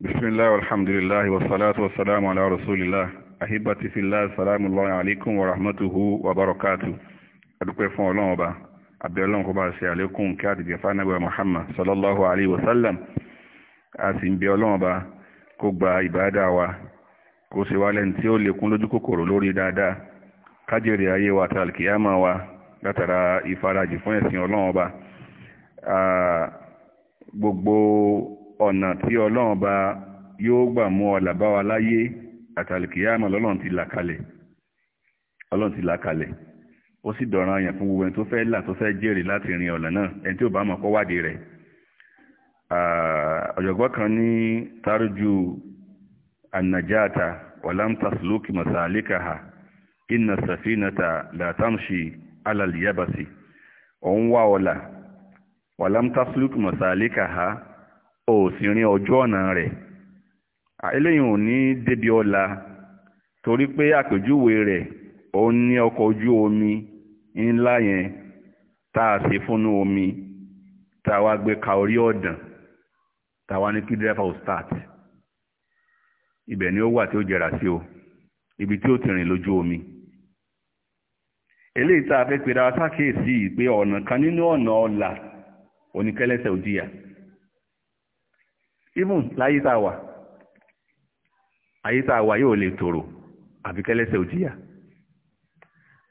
bisimilahi alhamdulilahi wasalaatu wasalaamu ala rasulillah ahibati filahi salaamu alayhi alaykum wa rahmatuhu wa barakatu adúpẹ́ fún ọlọ́run ọba abẹ́ ọlọ́run kó bá ṣe àlékún kí àdìgbẹ́ fánàgbà muhammad sallallahu alayhi wa sallam a sì ń bẹ ọlọ́run ọba kó gba ìbáadá wa kó ṣe wá lẹ́ni tí ó lékún lójú kòkòrò lórí dáadáa kájèrè ayé wa tàbí kìyàmà wa látara ìfarajì fún ẹ̀sìn ọlọ́run ọba gbogbo ọ̀nà tí ọlọ́run bá yóò gbà mú ọlà bá wa láyé àtàlùkìyàmọ̀ lọ́lọ́run ti là ó sì dọ̀ràn àyàn fún gbogbo ẹni tó fẹ́ là tó fẹ́ jèrè láti rin ọ̀nà náà ẹni tí bá mọ̀ wádìí rẹ̀ ọ̀jọ̀gbọ́n kan ní safinata la tamshi alal wá o sì rin ọjọ́ ọ̀nà rẹ̀ eléyìí ò ní débi ọ̀la torí pé àpèjúwe rẹ̀ ó ní ọkọ̀ ojú omi ńlá yẹn tá a ṣe fúnnú omi tá a wá gbé ka orí ọ̀dàn tá a wá ní kí dẹ́fà ò start ibẹ̀ ni ó wà tí ó jẹrà sí o ibi tí ó ti rìn lójú omi eléyìí tá a fẹ́ pera sákèésí pé ọ̀nà kan nínú ọ̀nà ọ̀la oníkẹ́lẹ́sẹ̀ òjìyà even láyé tá a wà ayé tá a wà yóò lè tòrò àfi kẹ́lẹ́sẹ̀ òjìyà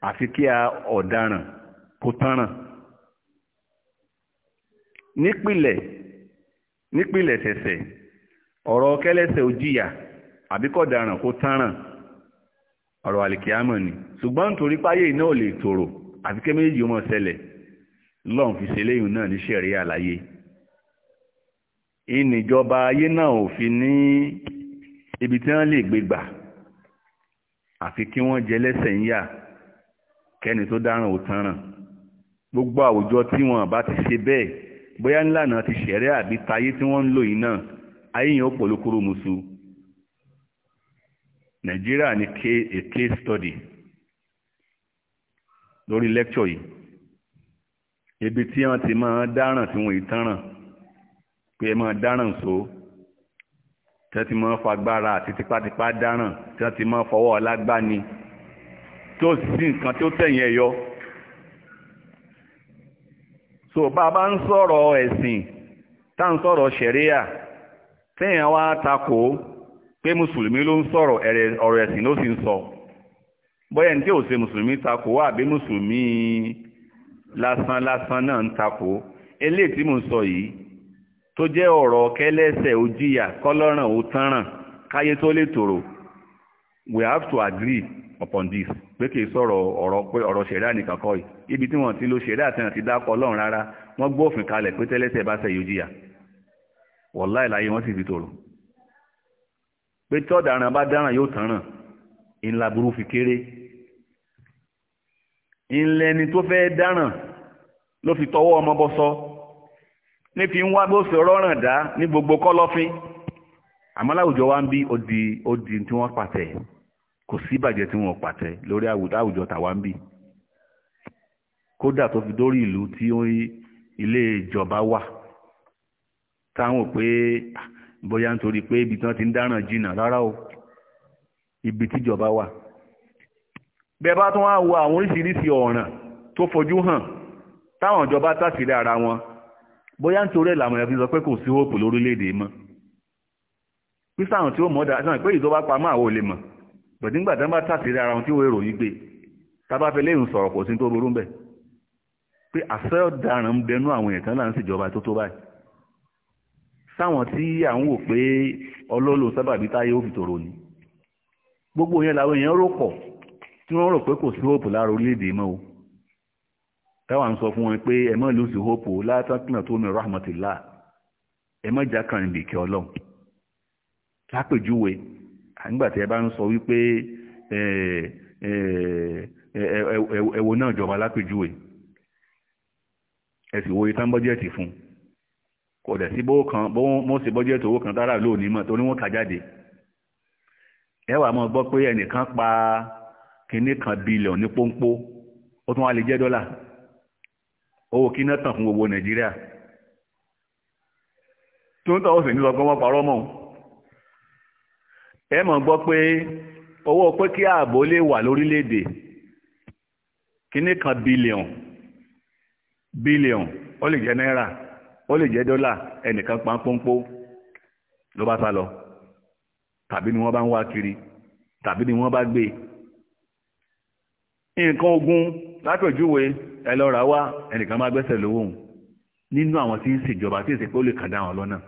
àfi kí a ọ̀daràn kó tánràn nípìlẹ̀ nípìlẹ̀ sẹ̀sẹ̀ ọ̀rọ̀ kẹ́lẹ́sẹ̀ òjìyà àbí kọ̀daràn kó tánràn ọ̀rọ̀ àlìkíámọ̀ ni ṣùgbọ́n nítorí páyé náà lè tòrò àfi kẹ́ méjì ó mọ̀ ṣẹlẹ̀ lọ́n fi ṣe léyìn náà ní ṣẹ̀rí àlàyé ìníjọba ayé náà ò fi ní ibi tí wọ́n lè gbé gbà àfi kí wọ́n jẹ lẹ́sẹ̀ ń yà kẹ́ni tó dáràn ò tanràn gbogbo àwùjọ tí wọn bá ti ṣe bẹ́ẹ̀ bóyá ńlànà ti ṣẹ̀rẹ́ àbí tayé tí wọ́n ń lò yìí náà ayé yẹn ó pòlókúrò musu nàìjíríà ní a case study lórí lecture yìí ibi tí wọ́n ti máa dáràn tí wọ́n yìí tanràn pé ẹ máa dáràn so tí wọ́n ti máa fagbára àti tipátipá dáràn tí wọ́n ti máa fọwọ́ ọlágbáni tó sí nǹkan tó tẹ̀yìn ẹ̀ so bá a bá ń sọ̀rọ̀ ẹ̀sìn tá à ń sọ̀rọ̀ ṣẹ̀ríà tẹ́yìn wá takò pé mùsùlùmí ló ń sọ̀rọ̀ ọ̀rọ̀ ẹ̀sìn ló sì ń sọ bóyá ní tí ò ṣe mùsùlùmí takò wà bí mùsùlùmí lásán lásán náà ń takò eléyìí tí mò ń sọ yìí tó jẹ́ ọ̀rọ̀ kẹlẹ́sẹ̀ òjìyà kọlọ́ràn ó tánràn káyé tó lè tòrò we have to agree upon this pé ke soro sọ̀rọ̀ ọ̀rọ̀ pé ọ̀rọ̀ ṣẹ̀dá nìkan kọ́ yìí ibi tí wọ́n ti lo ṣẹ̀dá àti àti dákọ̀ ọlọ́run rárá wọ́n gbọ́ òfin kalẹ̀ pé tẹ́lẹ́sẹ̀ bá ṣe yòjìyà wọ̀láì láyé wọ́n sì fi tòrò pé tí ọ̀daràn bá dáràn yóò tánràn ńlá burú fi kéré ńlẹ́ni tó fẹ́ dáràn ló fi tọwọ́ ọmọ bọ́ sọ́ ní fi ń wá bó ṣe rọrùn dá ní gbogbo kọ̀lọ̀fín àmọ́ láwùjọ wa ń bí odi odi tí wọn pàtẹ kò sí ìbàjẹ́ tí wọn pàtẹ lórí àwùjọ tàwa ń bí kódà tó fi dórí ìlú tí ilé ìjọba wà táwọn pé bóyá nítorí pé ibi tí wọ́n ti ń dáràn jìnnà rárá o ibi tíjọba wà bẹ́ẹ̀ bá tún wá wo àwọn oríṣiríṣi ọ̀ràn tó fojú hàn táwọn ìjọba tàṣírí ara wọn bóyá nítorí ẹ̀ làwọn èèyàn fi sọ pé kò sí hope lórílẹ̀‐èdè mọ́ písà àwọn tí ó mọ̀ dáa sọ pé ìjọba pamọ́ àwọn ò lè mọ̀ bẹ̀tí ńgbà tí wọ́n bá tàṣírí ara wọn tí wọ́n èrò yìí gbé tábà fẹ́ léyìn sọ̀rọ̀ kò sí tó burú bẹ́ẹ̀ pé àṣẹ ọ̀daràn ń bẹnu àwọn èèyàn tán là ń ṣèjọba tó tó báyìí sáwọn tí à ń wò pé ọlọ́lọ́ sábàbí táyé ó fi tòrò ni gbogbo yẹn làwọn èèyàn rò pọ̀ tí wọ́n rò pé kò sí hope lára orílẹ̀-èdè mọ́ o táwa ń sọ fún wọn pé ẹ má lùsì hope látàkùnà tó ní rahmatillah ẹ má jákàn níbi ìkẹ́ ọlọ́run lápèjúwe nígbà tí ẹ bá ń sọ wípé ẹ̀wò náà jọba lápèjúwe ẹ sì wo ìtàn bọ́jẹ́ẹ̀tì fún kò dẹ̀ sí bówó kan wọ́n sì bọ́jẹ́ẹ̀tì owó kan dára lónìí mọ̀ tó ní wọ́n kà jáde ẹ wá máa gbọ́ pé ẹnìkan pa kinní kan bílíọ̀nù ní pọ́npọ́ ó tún wá lè jẹ́ dọ́là owó kí náà tàn fún gbogbo nàìjíríà tí wọ́n tọ́wọ́ sì ní lọ́gbọ́n wọ́n parọ́ mọ́ ẹ mọ̀ gbọ́ pé owó pé kí ààbò lè wà lórílẹ̀-èdè kíní kan bílíọ̀n bílíọ̀n ó lè jẹ́ náírà ó lè jẹ́ dọ́là ẹnìkan pa pọ́npọ́ ló bá sá lọ tàbí ni wọ́n bá ń wá kiri tàbí ni wọ́n bá gbé nǹkan ogun lápèjúwe ẹ lọ rà wá ẹnìkan bá gbẹ́sẹ̀ lówó òun nínú àwọn tí ń ṣèjọba tí èsì pé ó lè kàdá àwọn lọ́nà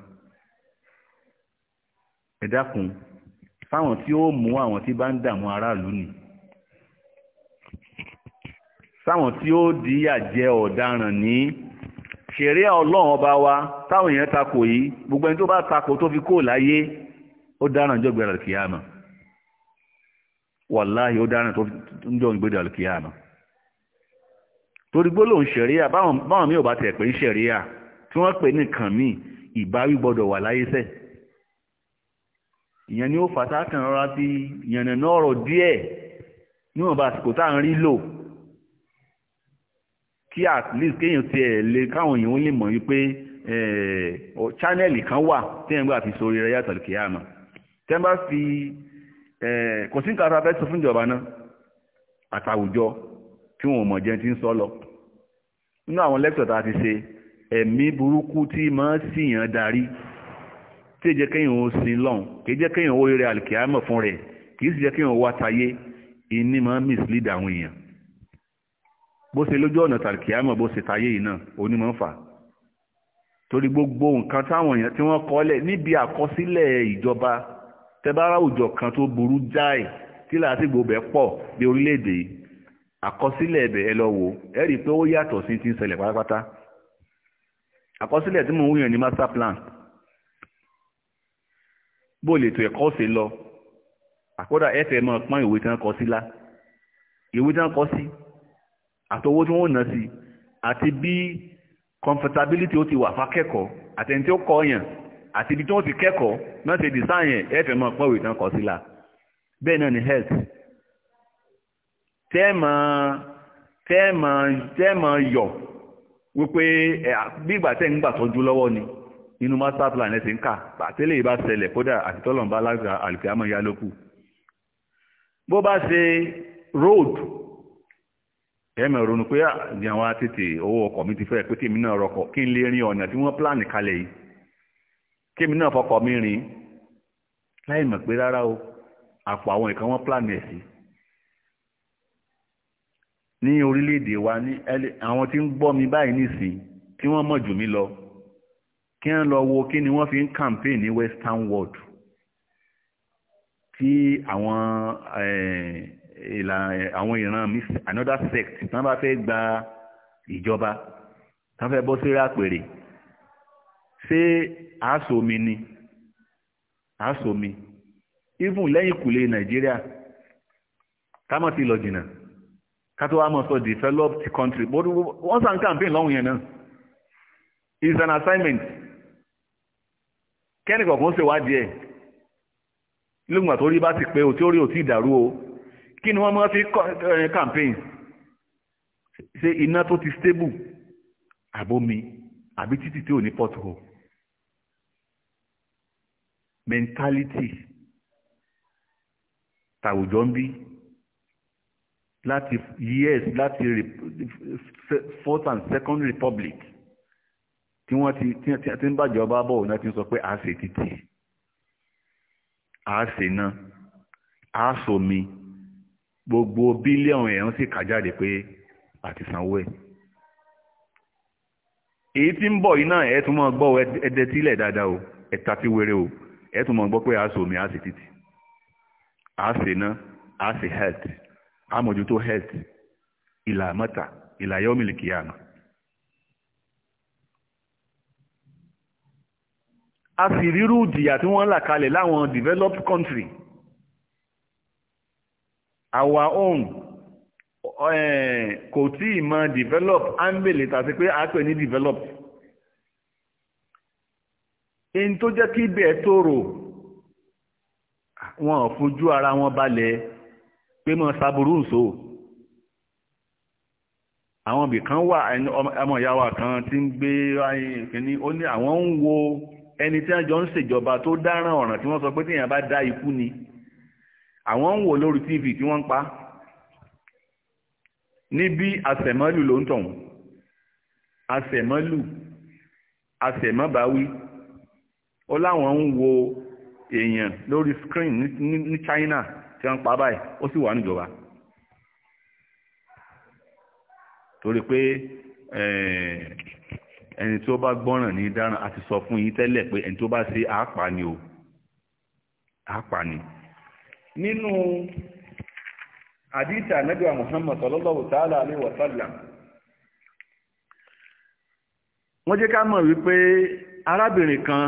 ẹ dákun fáwọn tí ó mú àwọn tí bá ń dààmú aráàlú nì sáwọn tí ó díyà jẹ ọ̀daràn ní ṣeré ọlọ́run ọba wa táwọn èèyàn takò yìí gbogbo ẹni tó bá takò tó fi kó láyé ó dáràn jọ gbẹ̀rẹ̀ àmà wàláhì ó dáràn tó ń jọ gbẹ̀rẹ̀ àmà torí gbólóhùn ṣẹ̀ríà báwọn mi ò bá tẹ̀ pé ṣẹ̀ríà tí wọ́n pè nìkan míì ìbáwí gbọ́dọ̀ wà láyé sẹ́ ìyẹn ni ó fàtà kan rárá sí ìyẹn náà ọ̀rọ̀ díẹ̀ níwọ̀nba àsìkò tá à ń rí lò kí at least kéèyàn tiẹ̀ lè káwọn èèyàn lè mọ̀ wípé eh, chanẹ́ẹ̀lì kan wà tí ẹ̀ ń gbà fi sórí rẹ̀ yàtọ̀ kìí àmọ́ tẹ́ ń bá fi eh, kò sí nǹkan tá sọ fún ìjọba náà àtàwùjọ kí wọn mọ̀ jẹ́ ti ń sọ lọ nínú àwọn lẹ́kítọ̀ tá a ti ṣe ẹ̀mí burúkú tí máa síyàn darí tí èjẹ́ kéèyàn ó sin lọ́hùn kì í jẹ́ kéèyàn ó rere àlìkìámọ̀ fún rẹ̀ kì í sì jẹ́ kéèyàn ó wá tayé ìní máa mislead àwọn èèyàn bó ṣe lójú ọ̀nà tàlìkìámọ̀ bó ṣe tayé yìí náà onímọ̀ ń fà torí gbogbo nǹkan táwọn èèyàn tí wọ́n kọ́lẹ̀ níbi àkọsílẹ̀ ìjọba tẹ́bárà òjò kan tó burú jáì tí làásìgbò bẹ́ẹ̀ pọ̀ bí orílẹ̀-èdè yìí àkọsílẹ̀ ẹ̀bẹ̀ ẹ lọ wò ẹ rí i pé ó yàtọ̀ sí ti ń ṣẹlẹ̀ pátápátá àkọsílẹ̀ tí mò ń wúyàn ní master plan bó lè tó ẹ̀kọ́ ṣe lọ àkódà ẹ̀fẹ̀ mọ́ pọ́n ìwé tí wọ́n kọ sí lá ìwé tí wọ́n kọ sí àtọwó tí wọ́n ná sí àti bí comfortability ó ti wà fákẹ́kọ̀ọ́ àtẹni tí ó kọ yàn àti ibi tí wọ́n ti kẹ́kọ̀ọ́ náà ti dìsáyẹn ẹ̀fẹ̀ mọ́ pọ́n ìwé tí wọ́n kọ sí lá bẹ́ẹ̀ náà ni health tẹ́ẹ̀mọ̀ yọ̀ wípé bí tẹ́ ń gbà tọ́jú lọ́wọ́ ni inú master plan ẹ̀ ti ń ìbá kódà àti tọ́lọ̀mbá lágbà àlùkìámọ̀ ya lókù bó bá ṣe road ẹ̀mẹ̀ ronú pé ní àwọn àtètè owó mi ti fẹ́ pé náà rọkọ̀ kí n lè plan kalẹ̀ yìí náà fọkọ̀ mi láì mọ̀ pé rárá àwọn ìkan wọ́n plan ní orílẹ̀-èdè wa ní àwọn tí ń gbọ́ mi báyìí nìsín tí wọ́n mọ̀ jù mí lọ kí wọ́n lọ wo kí ni wọ́n fi ń campaign ní western world tí àwọn àwọn ìran another sect tí wọ́n bá fẹ́ gba ìjọba tí wọ́n fẹ́ bọ́ sí rápèrè ṣé àásomi ni àásomi even lẹ́yìn kùlé nàìjíríà ká mọ̀ sí lọ jìnnà kátó wá mọ̀ sọ developed country but wọ́n sàn campaign lọ́hùn yẹn náà is an assignment kẹ́ni kọ̀ọ̀kan ṣe wádìí ẹ̀ lóògùn àtórí bá ti pé òtí orí òtí ìdàrú o kí ni wọ́n mọ́ fi campaign ṣe iná tó ti stable àbómi àbí títì tí ò ní pothole mentality tàwùjọ ń bí láti years láti fourth and second republic tí wọ́n ti ti ń bàjọba bọ̀ náà ti ń sọ pé a ṣe títì a ṣe náà a ṣomi gbogbo bílíọ̀nù ẹ̀rún sì kà jáde pé àti sanwó ẹ̀ èyí tí ń bọ̀ yìí náà ẹ̀ tún mọ́ gbọ́ ẹdẹ tílẹ̀ dáadáa o ẹ̀ta tí wéré o ẹ̀ tún mọ́ gbọ́ pé a ṣomi a ṣe títì a ṣe náà a ṣe health àmójútó health ìlà mọ́ta ìlà yọ́mìlì kìíyàmà a sì rírú ìjìyà tí wọ́n là kalẹ̀ láwọn developed country our own eh, kò tí ì mọ develop ambele tàbí pé a pè ní develop in tó jẹ́ kí ibẹ̀ tòrò wọn ò fojú ara wọn balẹ̀ pé mọ́ sàbúrú ǹso àwọn ibì kan wà ọmọ ìyáwà kan tí ń gbé kìíní ó ní àwọn ń wo ẹni tí wọ́n jọ ń ṣèjọba tó dáràn ọ̀ràn tí wọ́n sọ pé tíyàn bá dá ikú ni àwọn ń wò lórí tv tí wọ́n ń pa níbi àṣẹ̀mọ́lù ló ń tọ̀hún àṣẹ̀mọ́lù àṣẹ̀mọ́báwí ó láwọn ń wo èèyàn lórí screen ní China tí wọ́n pa báyìí ó sì wà níjọba torí pé eh, ẹni tó bá gbọ́ràn ní dáràn àti sọ fún yín tẹ́lẹ̀ pé ẹni tó bá ṣe àápà ni o àápà ni nínú àdíta nẹ́bíwà Muhammad sallallahu ta'ala ní wa wọ́n jẹ́ ká mọ̀ wípé arábìnrin kan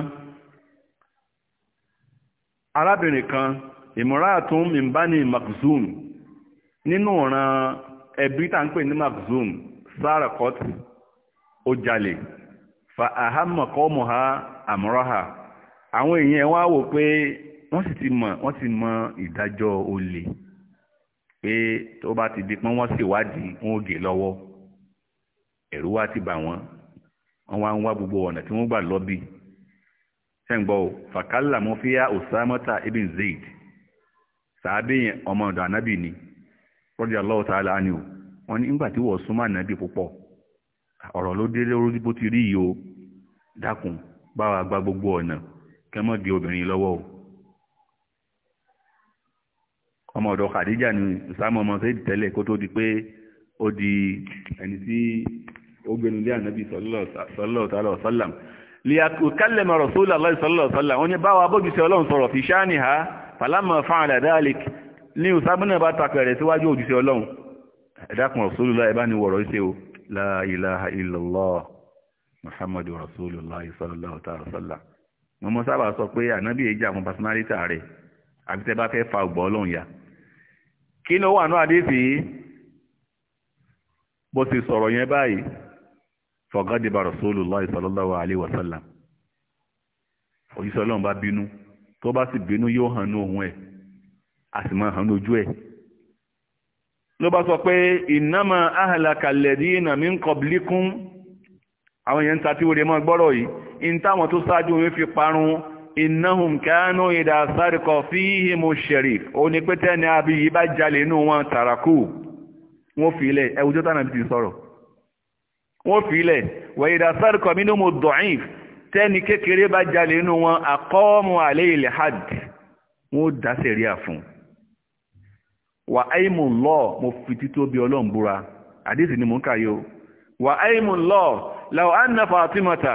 arábìnrin kan ìmúratún mìmbani makzum nínú ọ̀ràn ẹbí tá ń pè ní makzum sarakot ó jalè fa ahamakọ́ mọ̀ha ha àwọn èèyàn wá wò pé wọ́n sì ti mọ̀ wọ́n ti mọ ìdájọ́ olè pé tó bá ti di pọ́n wọ́n ṣèwádìí wọn ò gè lọ́wọ́ ẹ̀rú wá ti bà wọ́n wọ́n wá ń wá gbogbo ọ̀nà tí wọ́n gbà lọ́bì sẹ́ǹgbọ́ fàkálà mọ́fíà òsámọ́ta ibn zayd sàábí yẹn ọmọ ọ̀dọ̀ ànábì ni radiyallahu ta'ala anhu wọ́n ní nígbà tí wọ́n súnmọ́ ànábì púpọ̀ ọ̀rọ̀ ló ti rí yìí dákun bá gba gbogbo ọ̀nà kẹ́ mọ́ di obìnrin lọ́wọ́ o Khadija ni Usama ọmọ sẹ́yìn tẹ́lẹ̀ kó tó di pé ó di ẹni tí ó ànábì fàlámà fáàlà dáàlìk ní ìsábúnà bá takẹ̀rẹ̀ síwájú òjúṣẹ́ ọlọ́run ẹ̀dàkùn rasulullah ẹ̀bá ni wọ̀rọ̀ ṣe o la ilaha illallah muhammadu rasulullah sallallahu ta'ala sallam mo mọ́ sábà sọ pé ànábì èjì àwọn personality rẹ̀ àbí tẹ́ bá fẹ́ fa ọgbọ́ ọlọ́run ya kí ló wà ní àdéfì bó ti sọ̀rọ̀ yẹn báyìí fọ̀gádìbà ọlọ́run bá bínú tó bá sì bínú yóò hàn ní ohun ẹ̀ a sì máa hàn lójú ẹ̀ ló bá sọ pé ìnáma ahàlàkàlẹ̀dí ìnà mi ń kọ̀bílíkún àwọn èèyàn ń ta tí ó rẹ mọ́ gbọ́rọ̀ yìí in táwọn tó ṣáájú wọn fi parun ìnáhùn kánú ìdá sárikọ̀ fíhìmù sherif ó ní pé tẹ́ni abí yìí bá jalè inú wọn tàràkù wọ́n fi ilẹ̀ ẹwùjọ́ tánà ti sọ̀rọ̀ wọ́n fi ilẹ̀ wẹ̀ ìdá sárikọ̀ mínú mu dọ̀íf tẹ́ni kékeré bá jalè nínú wọn àkọ́ọ̀mù àlẹ́ ilẹ̀ hajj wọn ó dá sẹ̀ríà fún wà áìmù lọ mo fi tító bí ọlọ́run búra àdéhùn ni mò ń kàyọ wà áìmù lọ làwọn anna fatimata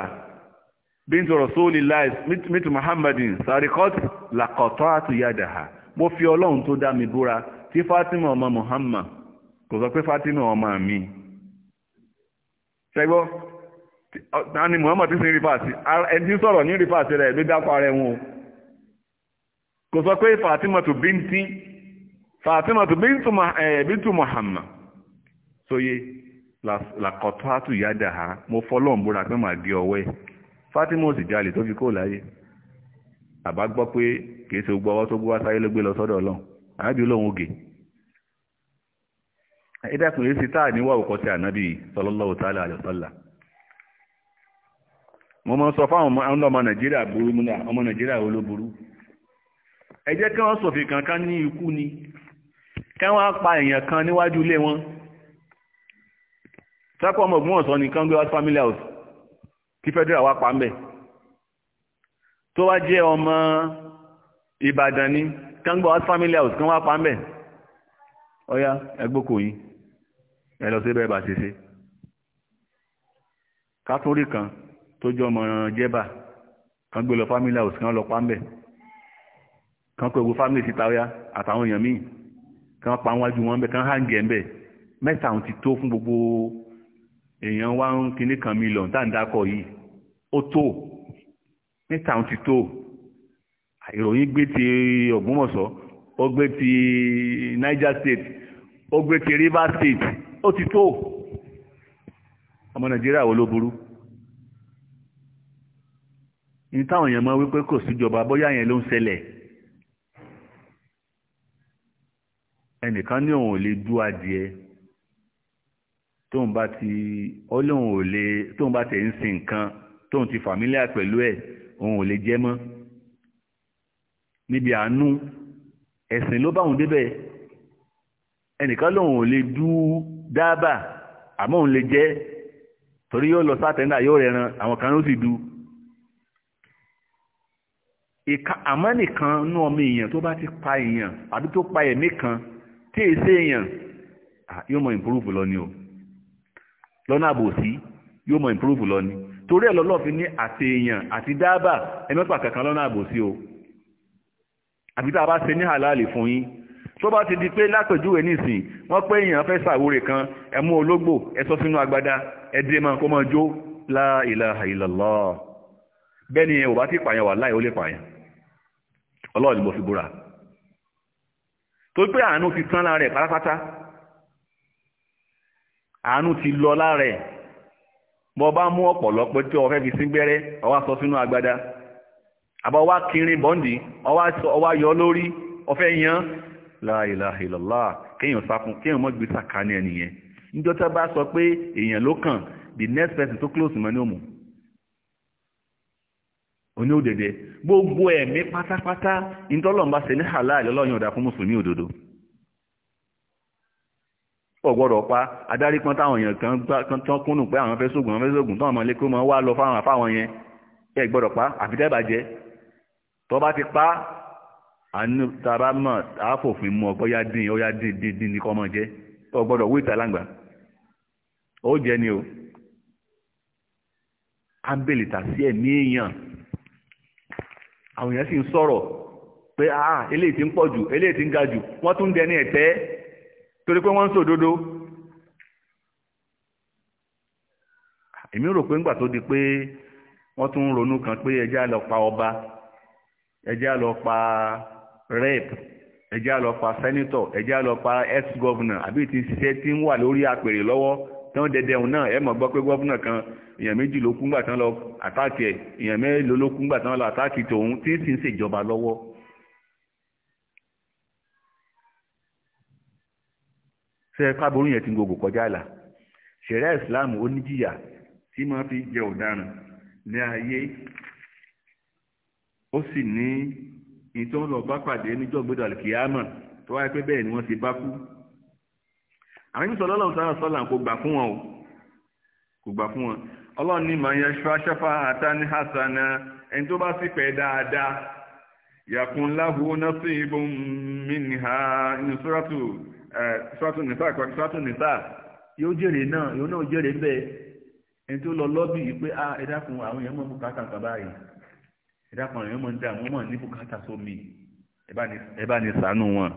bíntu rasulillahi mitu muhammadin sarikot lakọtọ àtúnyàdàhà mo fi ọlọ́run tó dá mi búra tí fatima ọmọ muhammad kò sọ pé ọmọ mi tani Muhammad ti sin rifasi ẹni tí sọ̀rọ̀ ní rifasi rẹ̀ ló dákọ̀ ara ẹ̀wọ̀n o kò sọ pé Fatimatu binti Fatimatu bintu Muhammad sóye làkọ̀tọ́ àtúnyádà ha mo fọlọ́n búra pé màá gé Fatima sì jalè tó fi kó láyé àbá gbọ́ pé kìí ṣe gbọ́ ọwọ́ tó gbọ́ ló gbé lọ sọ́dọ̀ ògè sí táà òkọ́ sí ànábì mo mọ́ sọ fáwọn ọmọ nàìjíríà burú mú náà ọmọ nàìjíríà olóburú ẹ jẹ́ kí wọ́n sọ̀fì kankan ní ikú ni kí wọ́n pa èèyàn kan níwájú ilé wọn sápọ̀ ọmọ ògùn ọ̀sán ní congress family house kí federal wá pa ń bẹ̀ tó wá jẹ́ ọmọ ìbàdàn ní congress family house kan wá pa ń bẹ̀ ọ̀yá ẹgbókò yín ẹ lọ sí bẹ́ẹ̀ bá ṣe ṣe ká kan tó jọ ọmọ jẹ́bà kan gbé lọ family house kan lọ pa ń bẹ̀ kan kó ewu family ti tawíá àtàwọn èèyàn míì kan pa wájú wọn bẹ̀ kan hàǹgẹ̀ ń bẹ̀ mẹ́ta àwọn ti tó fún gbogbo èèyàn wá ń kíní kan mílíọ̀n tá à ń dákọ̀ yìí ó tó mẹ́ta àwọn ti tó ìròyìn gbé ti Ògbómọ̀ṣọ́ ó gbé ti Niger State ó gbé ti Rivers State ó ti tó ọmọ Nàìjíríà wo ló burú ní táwọn èèyàn mọ̀ wípé kò síjọba bóyá yẹn ló ń ṣẹlẹ̀ ẹnìkan ní òun ò lè dú adìẹ tóun bá ti ọlọ́run ò lè tóun bá tẹ̀ ń sin nǹkan tóun ti fàmílíà pẹ̀lú ẹ̀ òun ò lè jẹ mọ́ níbi àánú ẹ̀sìn ló bá òun débẹ̀ ẹnìkan lòun ò lè dú dábà àmọ́ òun lè jẹ torí yóò lọ sátẹ́ńdà yóò rẹran àwọn kan ló sì dú ìka àmọ́ nìkan nú ọmọ èèyàn tó bá ti pa èèyàn àbí tó pa ẹ̀mí kan tí è ṣe èèyàn yóò mọ ìmpúrúfù lọ ni o lọ́nà àbòsí yóò mọ ìmpúrúfù lọ ni torí ẹ̀ lọ́lọ́ fi ní àti èèyàn àti dáàbà ẹ̀mẹ́fà kankan lọ́nà àbòsí o àbí tá a bá ṣe ní àlàálì fún yín tó bá ti di pé lápèjúwe nísìn wọ́n pé èèyàn fẹ́ ṣàwúre kan ẹ mú ológbò ẹ sọ sínú agbada ẹ dé mọ́ kó mọ́ jó la ilaha illallah bẹ́ẹ̀ ni ẹ̀ ò bá ti pààyàn wà láì ó lè pààyàn ọlọ́run ni mo fi búra torí pé àánú ti tán lára ẹ̀ pátápátá àánú ti lọ lára ẹ̀ bọ́ bá mú ọ̀pọ̀lọpọ̀ tí ọ fi síngbẹ́rẹ́ ó wá sọ sínú agbada àbá ọwá kiri bọ́ǹdì ó wá yọ lórí ó fẹ́ yan la ilaha illallah kéèyàn sákun kéèyàn mọ́ gbé sàkání ẹnìyẹn níjọ́ tá bá sọ pé èèyàn ló kàn the next person tó close mọ́ ní òmùn oní òdèdè gbogbo ẹ̀mí pátápátá ìtọ́lọ̀mbá ṣe ní halal ọlọ́yìn ọ̀dà fún mùsùlùmí òdodo ọ̀gbọ́dọ̀ pa adarí kan táwọn èèyàn kan tán kúnnù pé àwọn fẹ́ sógun àwọn fẹ́ sógun táwọn ọmọlé kó mọ wá lọ fáwọn àfáwọn yẹn ẹ gbọ́dọ̀ pa àfitẹ́bàjẹ́ tó bá ti pa tàbá mọ̀ àáfòfin mú ọgbọ́yá dín ọyá dín dín dín ní kọ́mọ jẹ́ ọgbọ́dọ̀ wíìtà láǹgbà ó jẹ́ ni o ámbèlìtà sí ẹ̀mí èèyàn àwọn èèyàn sì ń sọ̀rọ̀ pé ah eléyìí ti ń pọ̀ jù eléyìí ti ń ga jù wọ́n tún dẹni ẹ̀tẹ́ torí pé wọ́n ń sòdodo èmi rò pé ńgbà tó di pé wọ́n tún ń ronú kan pé ẹjẹ́ á pa ọba ẹjẹ́ pa rep ẹjẹ́ pa senator ẹjẹ́ pa ex-governor àbí ti ń ṣiṣẹ́ tí ń wà lórí àpèrè lọ́wọ́ tán dẹdẹ òun náà ẹ mọ̀ gbọ́ pé gọ́fúnà kan èèyàn méjì ló kúngbà tán lọ àtàkì ẹ̀ èèyàn mélòó ló kúngbà tán lọ àtàkì tòun tí sì ń ṣèjọba lọ́wọ́. ṣe káàbọ̀rún yẹn ti ń gbogbo kọjá àlà ṣẹ̀rẹ́ islam oníjìyà tí máa fi jẹ ọ̀daràn ní ayé ó sì ní ìtọ́lọ̀ bá pàdé níjọ́ gbọ́dọ̀ àlùkìyámà tó wáyé pé bẹ́ẹ̀ ni wọ́n ti bá kú àwọn ìmísọ̀ lọ́lọ́run sára sọ́là kò gbà fún wọn o kò gbà fún wọn ọlọ́run ní màá yẹ ṣáfà àtàní hasana ẹni tó bá sì pẹ́ dáadáa yàkùn láhu nọ́sí ibùn mìnìhà ní sọ́ràtù sọ́ràtù nìta sọ́ràtù nìta yóò jèrè náà yóò náà jèrè bẹ́ẹ̀ ẹni tó lọ lọ́bì yìí pé ah ẹ dákun àwọn èèyàn mọ̀ bùkátà nǹkan báyìí ẹ àwọn èèyàn mọ̀ ní bùkátà sómi ẹ ní ṣàánú wọn.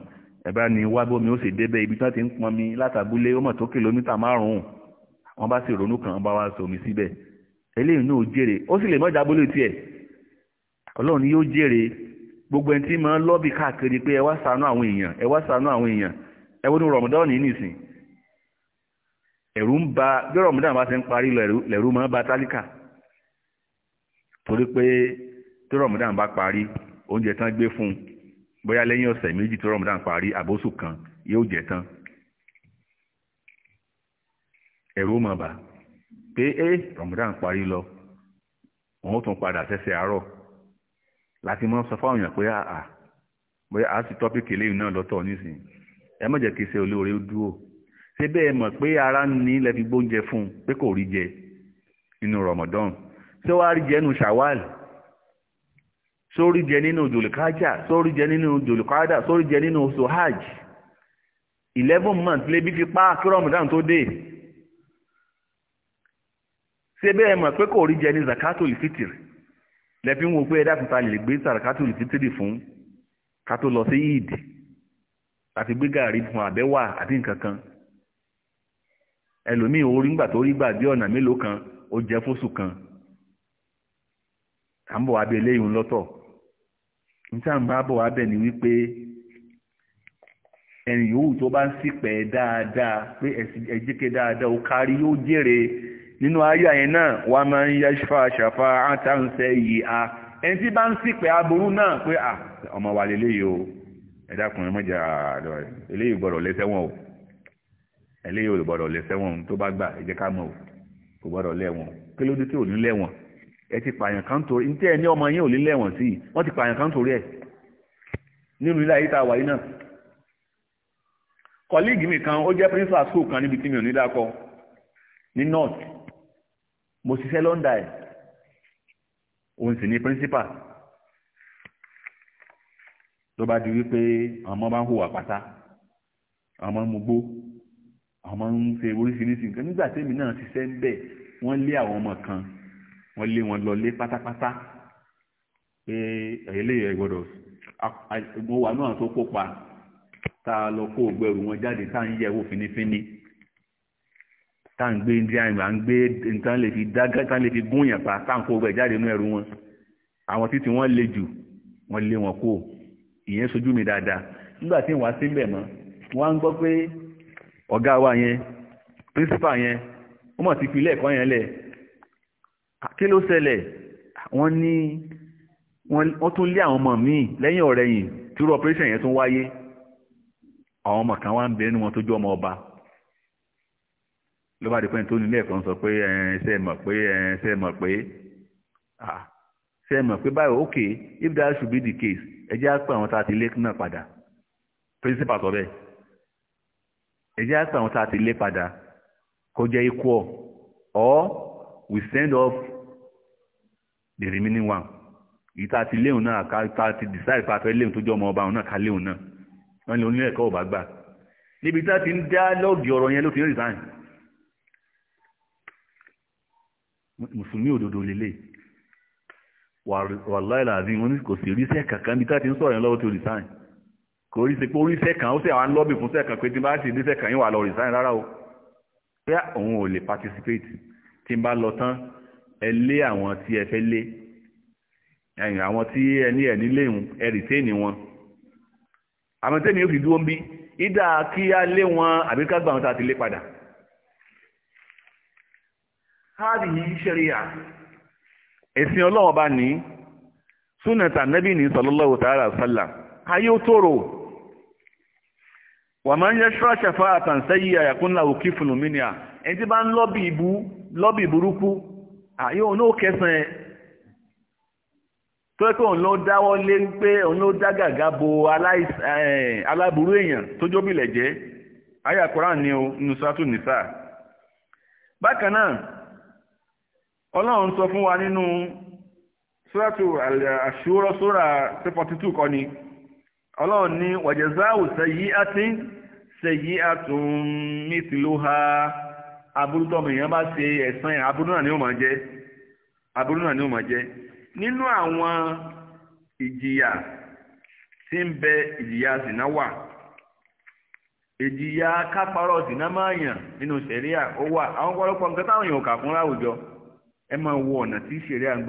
ẹ̀bá ni wá bómi ó sì débẹ̀ ibi tí wọ́n ti ń pọn mi látàbúlé ó mọ̀ tó kìlómítà márùn-ún wọ́n bá sì ronú kan bá wá somi síbẹ̀ eléyìí náà ó jèrè ó sì lè mọ́jà bólú tiẹ̀ ọlọ́run yóò jèrè gbogbo ẹni tí máa lọ́bì káàkiri pé ẹ wá àwọn èèyàn ẹ wá àwọn èèyàn ẹ wọ́n ní rọ̀mọdọ́ọ̀nì nìsín ẹ̀rù ń ba bí rọ̀mọdọ́ọ̀nì bá ti ń parí lẹ̀rù ba tálíkà torí pé tí rọ̀mọdọ́ọ̀nì bá parí oúnjẹ tán gbé fún bóyá lẹ́yìn ọ̀sẹ̀ méjì tó rọ̀mùdán parí àbóṣù kan yóò jẹ́ tán ẹ̀rù mọ̀ bá pé é rọ̀mùdán parí lọ òun ó tún padà sẹ́sẹ̀ àárọ̀ láti mọ́ sọ fáwọn èèyàn pé àà bóyá a sì tọ́pìkì eléyìí náà lọ́tọ̀ nísìnyí ẹ má jẹ́ kí ṣe olóore dúró ṣé bẹ́ẹ̀ mọ̀ pé ara ń ní lẹ́fi gbóúnjẹ fún un pé kò rí jẹ nínú rọ̀mọ̀dán ṣé wàá rí jẹ nínú ṣàwáàlì sórí jẹ nínú jòlùkájà sórí jẹ nínú jòlùkádà sórí jẹ nínú oṣù hajj eleven months fi pa tó dé ṣe bẹ́ẹ̀ mọ̀ pé kò rí jẹ ní zakatul fitr lẹ́fi ń pé lè gbé zakatul fitr fún ká lọ sí eid àti gbé gàrí fún àbẹ́wà àti nǹkan kan kan ó jẹ kan níta ń bá bọ̀ wá bẹ̀ ni wípé ẹni yòówù tó bá ń ṣìpẹ̀ dáadáa pé ẹ̀jẹ̀kẹ́ dáadáa ó kárí yóò jèrè nínú àyà yẹn náà wàá máa ń yẹ́ṣfà ṣàfà àtàǹsẹ̀ yìí a ẹni tí bá ń ṣìpẹ̀ aburú náà pé à ọmọ wa lélẹ́yìí o ẹ̀dá kùnrin mọ́jà eléyìí gbọ́dọ̀ lẹ́sẹ̀wọ̀n o eléyìí ò gbọ́dọ̀ lẹ́sẹ̀wọ̀n tó bá gbà ẹ̀jẹ̀ ká mọ̀ o kò gbọ́dọ̀ lẹ́wọ̀n kí ló dé tí ò ní lẹ́wọ̀n ẹ ti pààyàn kan torí ní tẹ́ ẹ ní ọmọ yín ò lè lẹ́wọ̀n sí i wọ́n ti pààyàn kan torí ẹ̀ nínú ilé ayé tá a wà yìí náà kọ́líìgì mi kan ó jẹ́ principal school kan níbi tí mi ò ní dákọ ní north mo ṣiṣẹ́ lọ́ndà ẹ̀ òun sì ní principal tó bá di wípé àwọn ọmọ bá ń hùwà pátá àwọn ọmọ ń mugbó àwọn ọmọ ń ṣe oríṣiríṣi nǹkan nígbà tẹ́mi náà ṣiṣẹ́ ń bẹ̀ wọ́n lé àwọn ọmọ kan wọ́n lé wọn lọlé pátápátá pé eléyìí gbọ́dọ̀ mo wà náà tó kópa tá a lọ kó gbẹrù wọn jáde tá à ń yẹ̀wò finifini tá à ń gbé ndí àyìnbá ń gbé nǹkan lè fi dágá tá ń lè fi gún yàn pa tá à ń kó gbẹ jáde nú ẹrù wọn àwọn títí wọn le jù wọn lé wọn kó ìyẹn sojú mi dáadáa nígbà tí wàá síbẹ̀ mọ́ wọ́n á gbọ́ pé ọ̀gá wa yẹn pírísípà yẹn ó mọ̀ sí fi ilé ẹ̀kọ́ yẹn lẹ̀ kí ló ṣẹlẹ̀ wọ́n ní wọ́n tún lé àwọn ọmọ míì lẹ́yìn ọ̀rẹ́ yìí tí irú operation yẹn tún wáyé àwọn ọmọ kan wá ń bẹ nínú wọn tó jọ ọmọ ọba ló bá di pé tó nílé ẹ̀kọ́ ń sọ pé ṣe mọ̀ pé ṣe mọ̀ pé ṣe mọ̀ pé báyìí ok if that should be the case ẹ jẹ́ á pè àwọn tá a ti lé náà padà principal sọ bẹ́ẹ̀ ẹ jẹ́ á pè àwọn tá a ti lé padà kó jẹ́ ikú ọ́. we send off the remaining one èyí ti léhùn náà tá a ti decide pa fẹ́ léhùn tó jọ ọmọ ọba òun náà ká léhùn náà wọ́n ní onílé ẹ̀kọ́ gbà níbi ti ń dá lọ́ọ̀gì ọ̀rọ̀ yẹn ló fi ń resign mùsùlùmí lélẹ̀ wọn kò sí kankan níbi ti ń sọ̀rọ̀ yẹn lọ́wọ́ tó resign kò rí kan ó sì àwọn lọ́ọ̀bì fún pé tí bá ti tí n bá lọ tán ẹ lé àwọn tí ẹ fẹ́ lé ẹ̀yìn àwọn tí ẹ ní ẹ̀ nílé ẹ rìtẹ́ẹ̀nì wọn àwọn tẹ́ni yóò fi dúró ń bí ìdá kí á lé wọn àbí ká gbà wọn tá a ti lé padà hádìí ṣẹ̀ríà ẹ̀sìn ọlọ́wọ́ bá ní súnàtà nẹ́bí ní sallallahu ta'ala sallam ayé ó tóró wà máa ń yẹ ṣọ́ṣẹ̀fà àtànṣẹ́yìí àyàkúnlá òkè fúnlùmínìà ẹni tí bá ń lọ́bì ibú lọ́bì burúkú àyóò náà kẹsàn ẹ̀ tó yẹ pé òun ló dáwọ́ lé pé òun ló dá gàgà bo aláburú èèyàn tó jóbìlẹ̀ jẹ́ àyà Kùránì ni o nùsàtù nìsà bákan náà ọlọ́run sọ fún wa nínú sóràtù àṣúrọ́ sóra 42 kọ́ ni ọlọ́run ní wàjẹ̀záwù sẹ́yí àti sẹ́yí àtún ha. aburú tọ́mọ èèyàn bá ṣe ẹ̀san ni ó máa jẹ́ aburú náà ni ó máa jẹ́ nínú àwọn ìjìyà tí ń bẹ ìjìyà sìnà wà ìjìyà kápárọ̀ sìnà máa yàn nínú sẹ̀ríà ó wà àwọn ọ̀pọ̀lọpọ̀ nǹkan táwọn èèyàn kà fún láwùjọ ẹ máa wo ọ̀nà tí sẹ̀ríà ń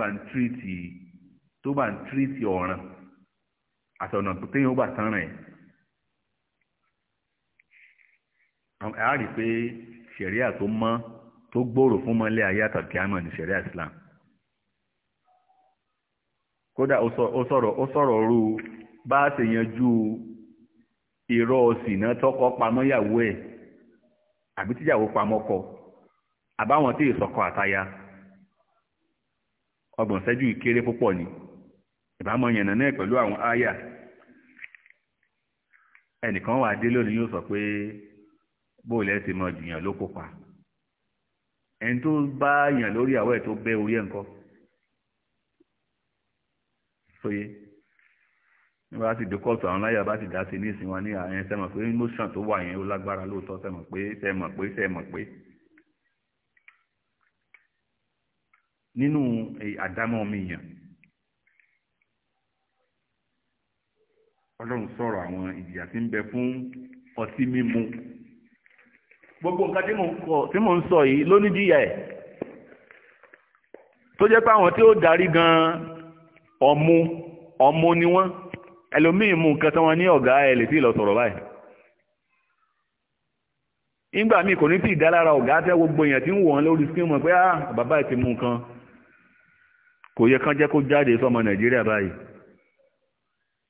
gbà ṣẹ̀ríà tó mọ́ tó gbòòrò fún mọ́lẹ́ ayé àtàkìámọ̀ ní Islam kódà ó sọ̀rọ̀ ó rú bá a ṣe yanjú ìrọ̀ ọ̀sìn náà tọkọ pamọ́ yàwó ẹ̀ àbí tíyàwó pamọ́ kọ àbáwọn tí ìsọkọ àtaya ọgbọ̀n ṣẹ́jú ìkéré ni yànnà náà pẹ̀lú àwọn ẹnìkan sọ pé bóòlù ẹ̀ ti mọ jùyàn ló kópa ẹni tó bá yàn lórí àwọ̀ ẹ̀ tó bẹ́ orí ẹ̀ ńkọ́ sóye nígbà tí dókọ́tù àwọn láyà bá ti dá sí ní ìsìn wọn ní àyẹn sẹ́mọ̀ pé motion tó wà yẹn ó lágbára lóòótọ́ sẹ́mọ̀ pé sẹ́mọ̀ pé sẹ́mọ̀ pé nínú àdámọ́ mi yàn ọlọ́run sọ̀rọ̀ àwọn ìjìyà tí ń bẹ fún ọtí mímu gbogbo nǹkan tí mò ń sọ yìí ló ní díyà ẹ̀ tó jẹ́ pé àwọn tí ó darí gan-an ọ̀mú ọ̀mú ni wọ́n ẹlòmíì mú nǹkan tí wọ́n ní ọ̀gá ẹ̀ lè sí ìlọ sọ̀rọ̀ báyìí nígbà míì kò ní tí ìdálára ọ̀gá tẹ́ gbogbo èèyàn tí ń wọ̀n lórí skin mọ̀ pé ah bàbá ẹ̀ ti mú nǹkan kò yẹ kán jẹ́ kó jáde sọmọ nàìjíríà báyìí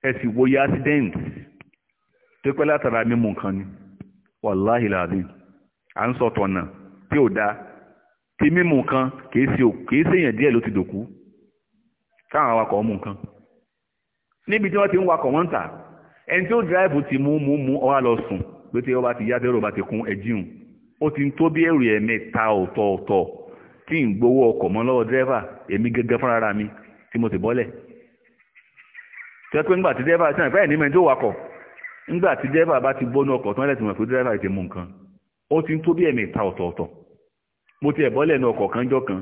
ẹ sì wòye accident tó pẹ́ látara mímú nǹkan ni wàláhìláàdín à ń sọ tọ̀nà tí ò dáa tí mímu nǹkan kìí ṣe kìí ṣèyàn díẹ̀ ló ti dòkú káwọn awakọ̀ mú nǹkan níbi tí wọ́n ti ń wakọ̀ wọ́n ń tà ẹni tí ó dráìbù ti mú mú mú ọwá lọ sùn pé tí ọba ti yá tẹ́rọ bá ti kún ẹjíun ó ti ń tó bí ẹrù ẹ̀mẹ́ta ọ̀tọ̀ọ̀tọ̀ tí ń gbowó ọkọ̀ mọ́ lọ́wọ́ dírẹ́fà èmi gẹ́gẹ́ fúnra ra mi tí mo ti bọ́lẹ̀ tẹ́ pé ńgbà tí dírẹ́fà ti rìn fẹ́ẹ̀ ní mẹ́ni tó wakọ̀ ńgbà tí dírẹ́fà bá ti bọ́nú ọkọ̀ tán lẹ́sìn mọ̀ pé dírẹ́fà ó ti ń tó bí ta ọ̀tọ̀ọ̀tọ̀ mo ti ẹ̀bọ́lẹ̀ náà kọ̀ọ̀kan jọ kan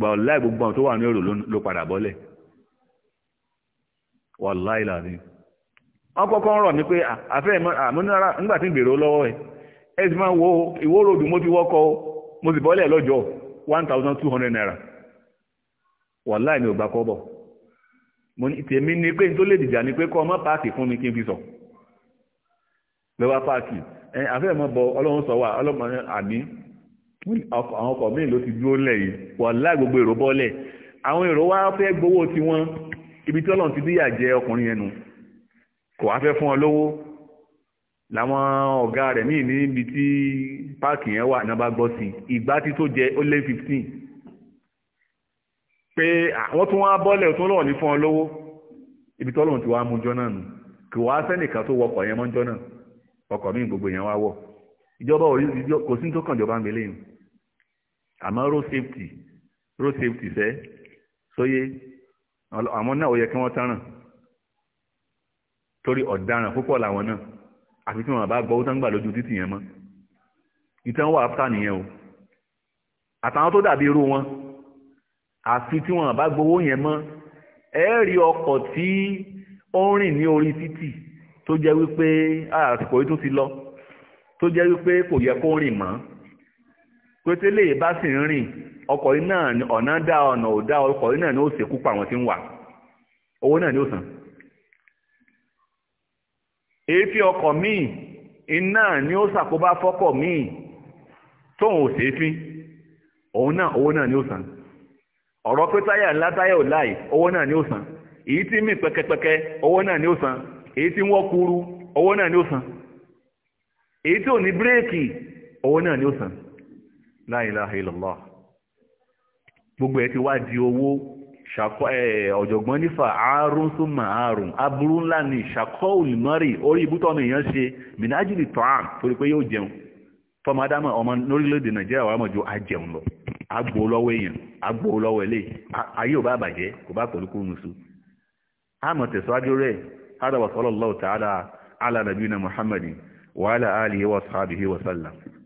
wàláì gbogbo àwọn tó wà ní èrò ló padà bọ́lẹ̀ wàláì làní kọ́kọ́ rọ̀ mí pé àfẹ́ àmúnára nígbà tí ń lọ́wọ́ ẹ wo mo ti wọ́kọ́ mo sì bọ́lẹ̀ lọ́jọ́ one thousand two hundred naira mo ní tèmi ni pé n tó lè dìjà ni pé kọ́ ọmọ páàkì fún mi kí fi sọ lọ́wọ́ àfẹ́mọ́ bọ ọlọ́run sọ wà ọlọ́run àmì àwọn ọkọ̀ míì ló ti dúró lẹ̀ yìí wà láì gbogbo èrò bọ́lẹ̀ àwọn èrò wá fẹ́ gbowó tiwọn ibi tí ọlọ́run ti díyà jẹ ọkùnrin yẹn nù kò wá fẹ́ fún ọ lówó làwọn ọ̀gá rẹ̀ míì níbi tí páàkì yẹn wà náà bá gbọ́ sí ìgbà tí tó jẹ ó lé fifteen pé àwọn tún wá bọ́lẹ̀ tó lọ́wọ́ ní fún ọ lówó ibi tí ọlọ́run ti wá mú jọ náà nù kò wá sẹ́nìkan tó wọkọ̀ yẹn mọ́ jọ náà ọkọ̀ míì gbogbo èèyàn wá wọ̀ ìjọba kò sí tó kàn ń belé yìí àmọ́ road safety road safety fẹ́ sóyé àwọn náà ó yẹ kí wọ́n tán torí ọ̀daràn púpọ̀ làwọn náà àfi tí wọn bá gbọ́ tán gbà lójú títì yẹn mọ́ ìtàn wà áfítà nìyẹn o àtàwọn tó dàbí irú wọn àfi tí wọn bá gbowó yẹn mọ́ ẹ rí ọkọ̀ tí ó ń rìn ní orí títì tó jẹ́ wípé àsìkò yìí tún ti lọ tó jẹ́ wípé kò yẹ kó rìn mọ́ pétélé bá sì ń rìn ọkọ̀ yìí náà ọ̀nà dá ọ̀nà ò dá ọkọ̀ yìí náà ni ó ṣekú pa àwọn tí ń wà owó náà ni ó san èéfì ọkọ̀ míì iná ni ó ṣàkóbá fọ́kọ̀ míì tóun ò ṣèéfín òun náà owó náà ni ó san ọ̀rọ̀ pé táyà ńlá táyà ò láì owó náà ni ó san èyí tí mì pẹ́kẹ́pẹ́kẹ́ owó náà ni ó san èyí tí wọ́n kúrú owó ni ó san èyí tí ò ní bírèkì owó náà ni ó san la ilaha gbogbo ẹ̀ ti wá di owó ọ̀jọ̀gbọ́n nífà àárún súnmọ̀ àárún aburú ńlá ni ṣàkọ́ olùmọ́rì orí ibútọ́mù èèyàn ṣe mìnájìlì tọ́àm torí pé yóò jẹun fọmọ adámọ̀ ọmọ lórílẹ̀-èdè nàìjíríà wà mọ̀jú ajẹun lọ agbó lọ́wọ́ èèyàn agbó lọ́wọ́ ilé ayé ò هذا وصلى الله تعالى على نبينا محمد وعلى آله وأصحابه وسلم